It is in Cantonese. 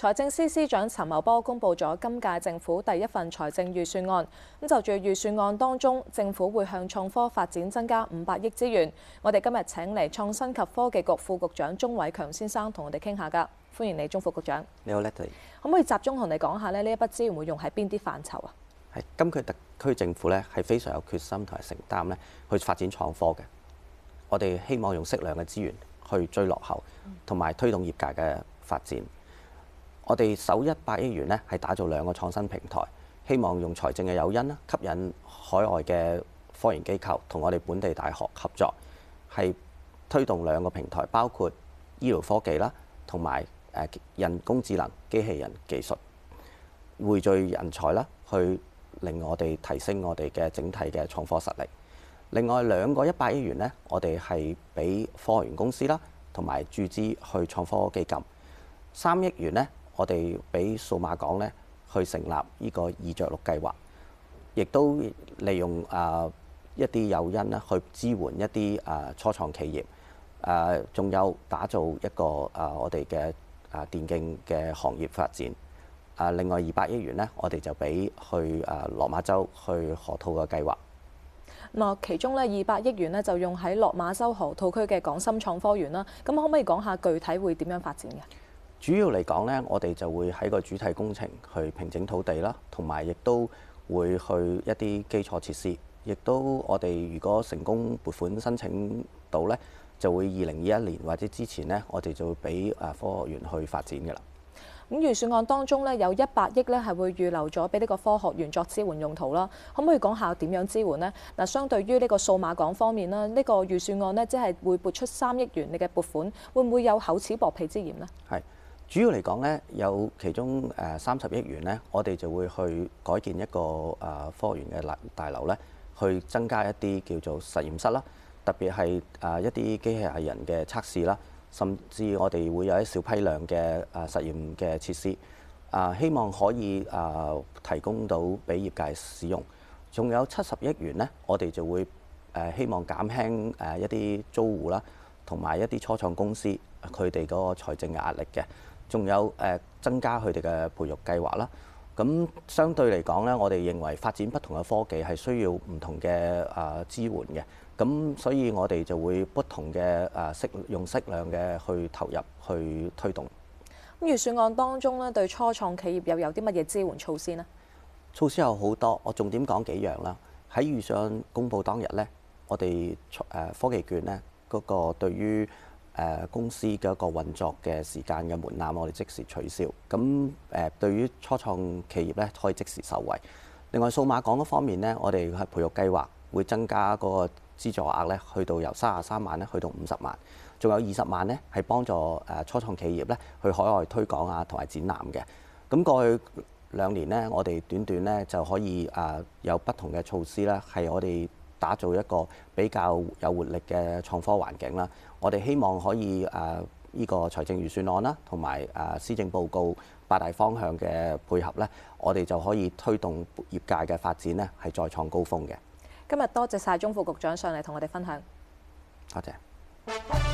財政司司長陳茂波公布咗今屆政府第一份財政預算案。咁就住預算案當中，政府會向創科發展增加五百億資源。我哋今日請嚟創新及科技局副局長鍾偉強先生同我哋傾下噶。歡迎你，鍾副局長。你好，叻弟。可唔可以集中同你講下呢？呢一筆資源會用喺邊啲範疇啊？係今屆特區政府咧，係非常有決心同埋承擔咧去發展創科嘅。我哋希望用適量嘅資源去追落後，同埋推動業界嘅發展。我哋首一百億元咧，係打造兩個創新平台，希望用財政嘅誘因啦，吸引海外嘅科研機構同我哋本地大學合作，係推動兩個平台，包括醫療科技啦，同埋誒人工智能機器人技術匯聚人才啦，去令我哋提升我哋嘅整體嘅創科實力。另外兩個一百億元呢，我哋係俾科研公司啦，同埋注資去創科基金三億元呢。我哋俾數碼港咧去成立呢個易著陸計劃，亦都利用啊、呃、一啲誘因啦去支援一啲啊、呃、初創企業，誒、呃、仲有打造一個啊、呃、我哋嘅啊電競嘅行業發展。誒、呃、另外二百億元咧，我哋就俾去誒落、呃、馬洲去河套嘅計劃。嗱，其中咧二百億元咧就用喺落馬洲河套區嘅港深創科園啦。咁可唔可以講下具體會點樣發展嘅？主要嚟講呢我哋就會喺個主體工程去平整土地啦，同埋亦都會去一啲基礎設施。亦都我哋如果成功撥款申請到呢，就會二零二一年或者之前呢，我哋就會俾誒科學園去發展嘅啦。咁預算案當中呢，有一百億呢係會預留咗俾呢個科學園作支援用途啦。可唔可以講下點樣支援呢？嗱，相對於呢個數碼港方面啦，呢個預算案呢，即係會撥出三億元你嘅撥款，會唔會有厚此薄彼之嫌呢？係。主要嚟講呢有其中誒三十億元呢，我哋就會去改建一個誒科學園嘅大大樓呢，去增加一啲叫做實驗室啦，特別係誒一啲機器人嘅測試啦，甚至我哋會有一小批量嘅誒實驗嘅設施，啊希望可以啊提供到俾業界使用。仲有七十億元呢，我哋就會誒希望減輕誒一啲租戶啦，同埋一啲初創公司佢哋嗰個財政壓力嘅。仲有誒、呃、增加佢哋嘅培育計劃啦，咁相對嚟講咧，我哋認為發展不同嘅科技係需要唔同嘅誒、呃、支援嘅，咁所以我哋就會不同嘅誒、呃、適用適量嘅去投入去推動。咁預算案當中咧，對初創企業又有啲乜嘢支援措施咧？措施有好多，我重點講幾樣啦。喺預算公佈當日咧，我哋誒、呃、科技券咧嗰、那個對於呃、公司嘅一個運作嘅時間嘅門檻，我哋即時取消。咁誒、呃，對於初創企業咧，可以即時受惠。另外，數碼港嗰方面咧，我哋培育計劃會增加嗰個資助額咧，去到由三十三萬咧，去到五十萬，仲有二十萬咧，係幫助、呃、初創企業咧去海外推廣啊，同埋展覽嘅。咁過去兩年咧，我哋短短咧就可以誒、呃、有不同嘅措施咧，係我哋。打造一個比較有活力嘅創科環境啦，我哋希望可以誒呢、呃這個財政預算案啦，同埋誒施政報告八大方向嘅配合呢，我哋就可以推動業界嘅發展，呢係再創高峰嘅。今日多謝晒鍾副局長上嚟同我哋分享，多謝。